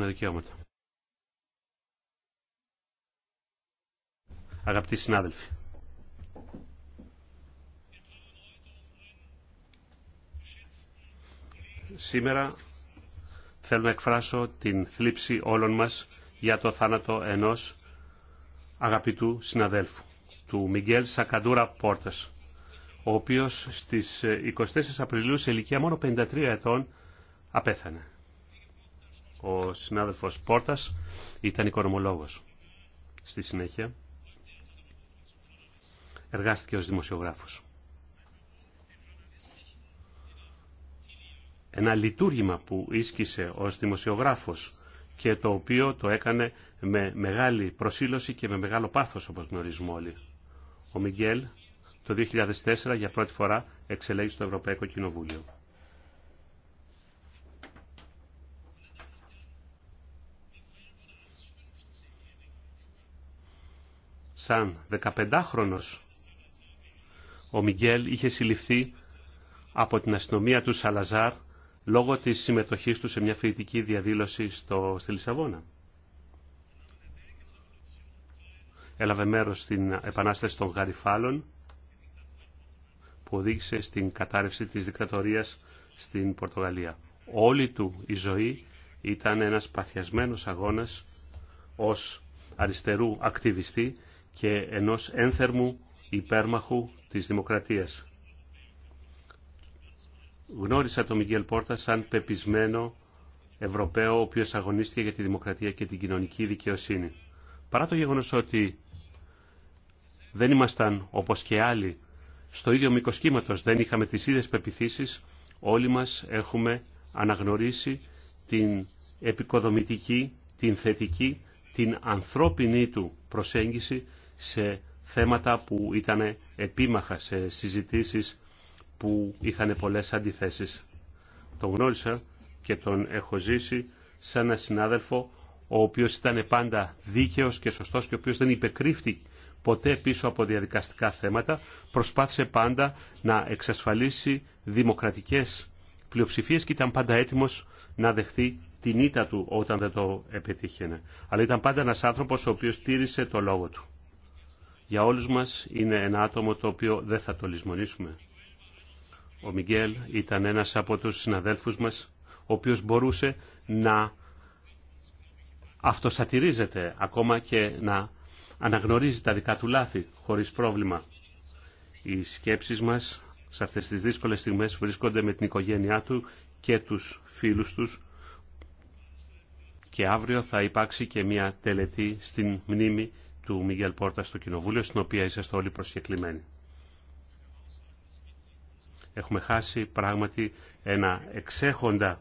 δικαιώματα. Αγαπητοί συνάδελφοι, σήμερα θέλω να εκφράσω την θλίψη όλων μας για το θάνατο ενός αγαπητού συναδέλφου, του Μιγγέλ Σακαντούρα Πόρτας, ο οποίος στις 24 ε, Απριλίου σε ηλικία μόνο 53 ετών απέθανε. Ο συνάδελφος Πόρτας ήταν οικονομολόγος. Στη συνέχεια εργάστηκε ως δημοσιογράφος. Ένα λειτουργήμα που ίσκησε ως δημοσιογράφος και το οποίο το έκανε με μεγάλη προσήλωση και με μεγάλο πάθος όπως γνωρίζουμε όλοι. Ο Μιγγέλ το 2004 για πρώτη φορά εξελέγει στο Ευρωπαϊκό Κοινοβούλιο. σαν 15χρονος. Ο Μιγγέλ είχε συλληφθεί από την αστυνομία του Σαλαζάρ λόγω της συμμετοχής του σε μια φοιτητική διαδήλωση στο, στη Λισαβόνα. Έλαβε μέρος στην επανάσταση των Γαριφάλων που οδήγησε στην κατάρρευση της δικτατορίας στην Πορτογαλία. Όλη του η ζωή ήταν ένας παθιασμένος αγώνας ως αριστερού ακτιβιστή και ενός ένθερμου υπέρμαχου της δημοκρατίας. Γνώρισα τον Μιγγέλ Πόρτα σαν πεπισμένο Ευρωπαίο, ο οποίος αγωνίστηκε για τη δημοκρατία και την κοινωνική δικαιοσύνη. Παρά το γεγονός ότι δεν ήμασταν, όπως και άλλοι, στο ίδιο μήκος κύματος, δεν είχαμε τις ίδιες πεπιθήσεις, όλοι μας έχουμε αναγνωρίσει την επικοδομητική, την θετική, την ανθρώπινη του προσέγγιση σε θέματα που ήταν επίμαχα σε συζητήσεις που είχαν πολλές αντιθέσεις. Τον γνώρισα και τον έχω ζήσει σαν ένα συνάδελφο ο οποίος ήταν πάντα δίκαιος και σωστός και ο οποίος δεν υπεκρύφτηκε ποτέ πίσω από διαδικαστικά θέματα, προσπάθησε πάντα να εξασφαλίσει δημοκρατικές πλειοψηφίες και ήταν πάντα έτοιμος να δεχθεί την ήττα του όταν δεν το επιτύχαινε. Αλλά ήταν πάντα ένας άνθρωπος ο οποίος τήρησε το λόγο του για όλους μας είναι ένα άτομο το οποίο δεν θα το λησμονήσουμε. Ο Μιγγέλ ήταν ένας από τους συναδέλφους μας, ο οποίος μπορούσε να αυτοσατηρίζεται ακόμα και να αναγνωρίζει τα δικά του λάθη χωρίς πρόβλημα. Οι σκέψεις μας σε αυτές τις δύσκολες στιγμές βρίσκονται με την οικογένειά του και τους φίλους τους και αύριο θα υπάρξει και μια τελετή στην μνήμη του Μιγέλ Πόρτα στο Κοινοβούλιο, στην οποία είσαστε όλοι προσκεκλημένοι. Έχουμε χάσει πράγματι ένα εξέχοντα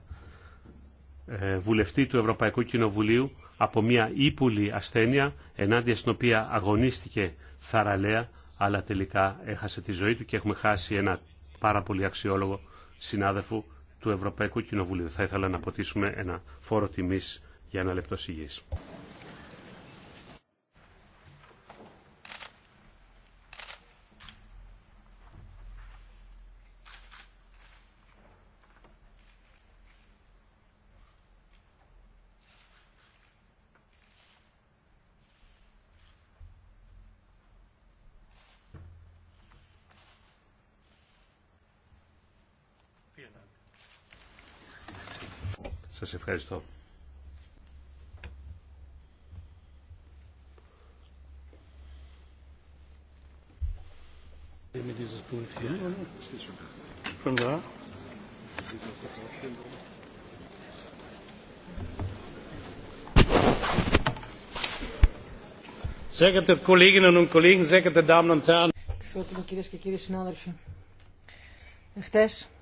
ε, βουλευτή του Ευρωπαϊκού Κοινοβουλίου από μια ύπουλη ασθένεια ενάντια στην οποία αγωνίστηκε θαραλέα αλλά τελικά έχασε τη ζωή του και έχουμε χάσει ένα πάρα πολύ αξιόλογο συνάδελφο του Ευρωπαϊκού Κοινοβουλίου. Θα ήθελα να αποτίσουμε ένα φόρο τιμής για ένα λεπτό Σας ευχαριστώ. Σε ευχαριστώ.